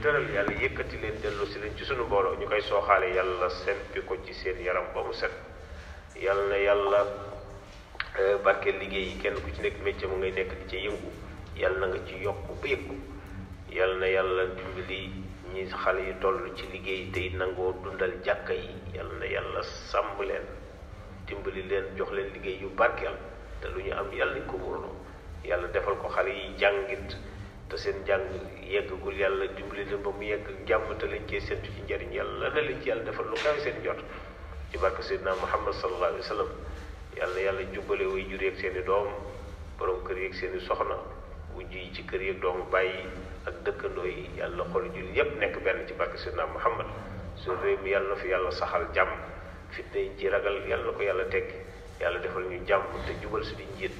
tëral yàlla yëkkati leen delloo si leen ci sunu mbooloo ñu koy sooxaale yàlla sempi ko ci seen yaram ba mu set yàlla na yàlla euh, barke liggéey yi kenn ku ci nekk métier mu ngay nekk di ca yëngu yàlla na nga ci yokk ba yëg yàlla na yàlla dimbali ñi xale yu toll ci liggéey tey nangoo dundal jàkka yi yàlla na yàlla sàmm leen dimbali leen jox leen liggéey yu barkeel te lu ñu am yàlla ñu ko yàlla defal ko xale yi jàngit te seen njàng yeggagul yàlla dimbali leen ba mu yegg jàmm te lañ cee séntu ci njariñ yàlla na leen ci yàlla defal lu kawe seen jot ci barke Seydina Muhammad sallallahu alayhi wa sallam yàlla yàlla jubale way jur yeeg seen i kër yeeg seen i soxna wujj ci kër yeeg doomu bàyyi ak dëkkandoo yi yàlla xool jul yépp nekk benn ci barke Seydina Muhammad su réew mi yàlla na fi yàlla saxal jàmm fitna yi ci ragal yàlla ko yàlla teg yàlla defal ñu jàmm te jubal si njiit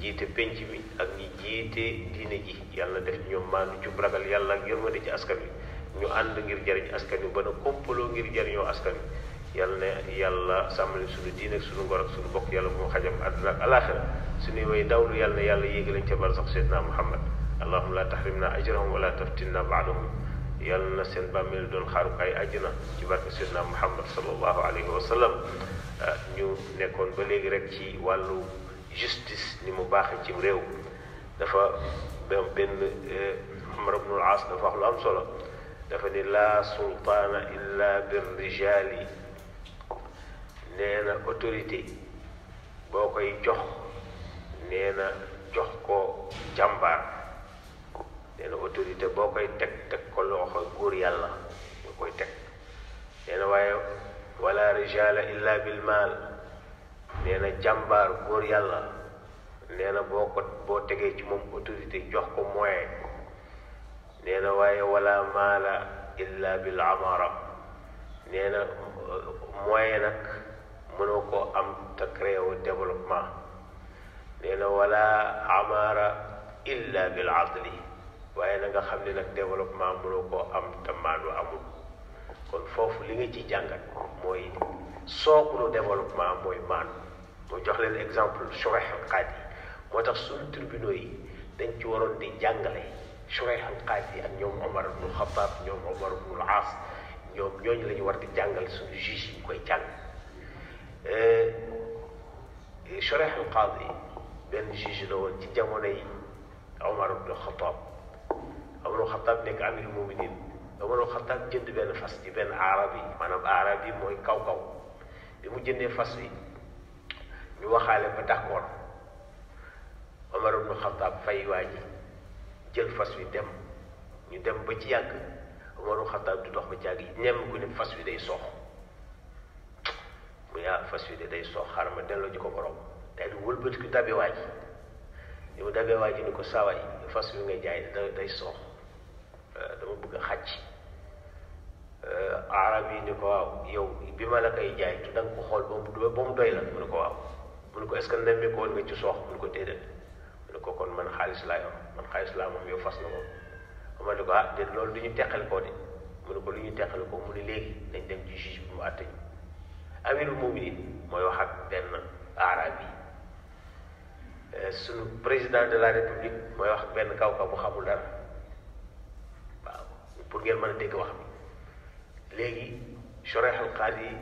jiite penc bi ak ñi jiite diine ji yàlla def ñoom maanu jub ragal yàlla ak yërmande ci askan wi ñu ànd ngir jariñ askan wi ba na ngir jariñoo askan wi yàlla ne yàlla sàmmali suñu diine ak suñu ngor ak suñu bokk yàlla bu mu xajam àdduna ak alaxira suñuy way dawlu yàlla ne yàlla yéegi lañ ca barsax seydna muhammad allahuma la tahrimna ajrahum wala taftinna baadahum yàlla na seen bàmmeel doon xaarukaay àjjana ci barke seydna muhammad sallallahu alayhi wa sallam ah, ñu nekkoon ba léegi rek ci justice ni mu baaxee ci réew dafa benn benn eh, Umar ibn al-As dafa wax am solo dafa ni laa sultaana illa bir rijaali nee na autorité boo koy jox nee jox ko jàmbaar nee autorité boo koy teg teg ko loxo góor yàlla nga koy teg nee waaye wala rijaala illa bil maal nee na jàmbaar góor yàlla nee na boo ko boo tegee ci moom autorité jox ko moyen nee waaye wala maala illa bil amara nee na euh, moyen nag mënoo koo am te créé wu développement nee na wala amara illa bil adli waaye na xam ne nag développement mënoo koo am te maandu amul kon foofu li nga ci jàngat mooy sookulu développement mooy maandu moo jox leen exemple Shurayh al-Qaadi moo tax suñu yi dañ ci waroon di jàngale Shurayh al-Qaadi ak ñoom Omar ibn Khattab ñoom Omar ibn al-As ñoom ñooñu la ñu war di jàngal suñu juge yi koy jàng euh, Shurayh al-Qaadi benn juge la woon ci jamono yi Omar ibn Khattab Omar ibn Khattab nekk amirul muminin Omar ibn Khattab benn fas ci benn arab yi maanaam arab mooy kaw-kaw bi mu jëndee fas wi ñu waxaale ba d'accord Omar ibnu Xataab fay waa ji jël fas wi dem ñu dem ba ci yàgg Omar ibnu Xataab du dox ba ci yàgg yi ñemm fas wi day soox mu yaa ah, fas wi de day soox xaaral ma delloo ji ko borom day di wëlbati ku dabe mu dabee waa ji ni ko saawaay fas wi nga jaay da day soox euh, dama bëgg a xàcc euh, arab yi ni ko waaw yow bi ma la koy jaay tu da ko xool ba mu doy la mu ne ko waaw mu ne ko est ce que ko woon nga ci soox mu ne ko déedéet mu ne ko kon man xaalis laa yor man xaalis laa moom yow fas na ko ma ne ko ah déet loolu lu ñu teqal koo de mu ne ko lu ñu teqal koo mu ne léegi dañ dem ci juge bi mu àtte ñu amirul muminin mooy wax ak benn arab yi euh, suñu président de la république mooy wax ak benn kaw kaw bu xamul dara waaw pour ngeen mën a dégg wax bi léegi shoreh al qaadi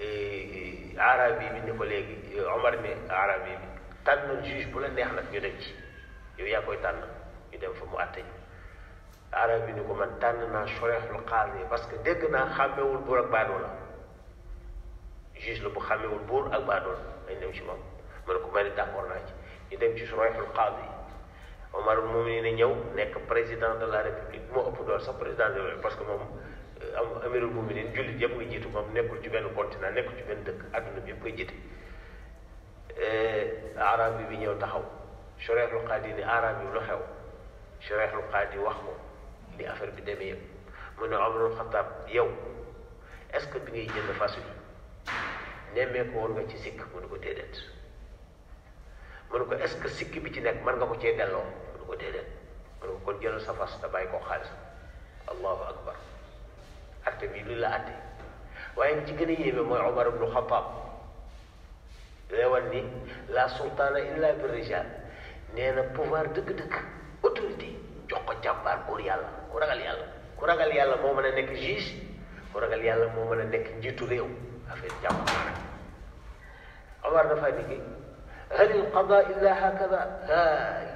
Eh, arabi bi ni ko léegi eh, Omar ni arabi bi tànn juge bu la neex nag ñu dem ci yow yaa koy tànn ñu dem fa mu àtte arabi bi ni ko man tànn naa sorexul xaasi parce que dégg naa xàmmewul buur ak baadoola juge la bu xàmmewul buur ak baadoola dañ dem ci moom man ko mari d'accord naa ci ñu dem ci sorexul xaasi Omar moom ni ne ñëw nekk président de la république moo ëpp dool sax président de la parce que moom am amirul muminin jullit yëpp koy jiitu moom nekkul ci continent nekkul ci dëkk adduna bi yëpp koy jiite eh, arab bi bi ñëw taxaw Chorexul Qaadi ni arab bi lu xew Chorexul Qaadi wax ko li affaire bi demee yëpp mu ne Omarul Xataab yow est-ce que bi ngay jënd fas yi nemmee woon nga ci sikk mu ne ko déedéet mu ne ko ce que sikk bi ci nekk mën nga ko cee delloo mu ne ko déedéet mu ne ko kon sa fas te bàyyi xaalis allahu akbar atte bi lu la atte waaye li ci gën a yéeme mooy Omar ibnu Xataab leewal ni la sultana illa bi rijal nee na pouvoir dëgg-dëgg autorité jox ko jàmbaar pour yàlla ku ragal yàlla ku ragal yàlla moo mën a nekk juge ku ragal yàlla moo mën a nekk njiitu réew affaire jàmbaar Omar dafa ni hal il qada illa hakada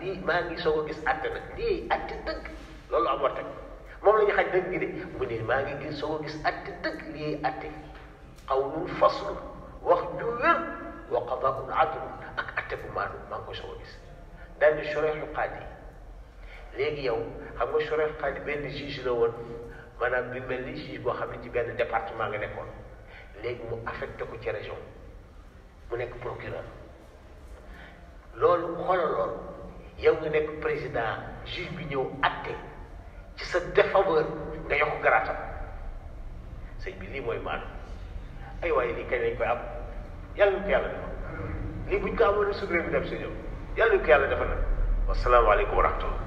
lii maa ngi soog a gis atte nag lii atte dëgg loolu Omar teg moom la ñu xaj dëgg gi de mu ne maa ngi gis soo gis atte dëgg lii atte qawlun faslu wax ju wér wa qadaa'un adlun ak atte bu maandu maa ngi yow xam nga shureexu qaadi benn juge la woon bi mel ni boo xam ne ci benn département nga nekkoon léegi mu affecté ko ci région mu nekk procureur loolu xoolal loolu yow nga nekk président juge bi ñëw atte ci sa défaveur nga yokk garaatam sëñ bi lii mooy maanaam ay waaye lii kañ lañ koy am yàlla ñu ko yàlla defal lii buñ ko amoon suñu réew mi dem si ñoom yàlla ñu ko yàlla defal nag wasalaamaaleykum wa rahmatullah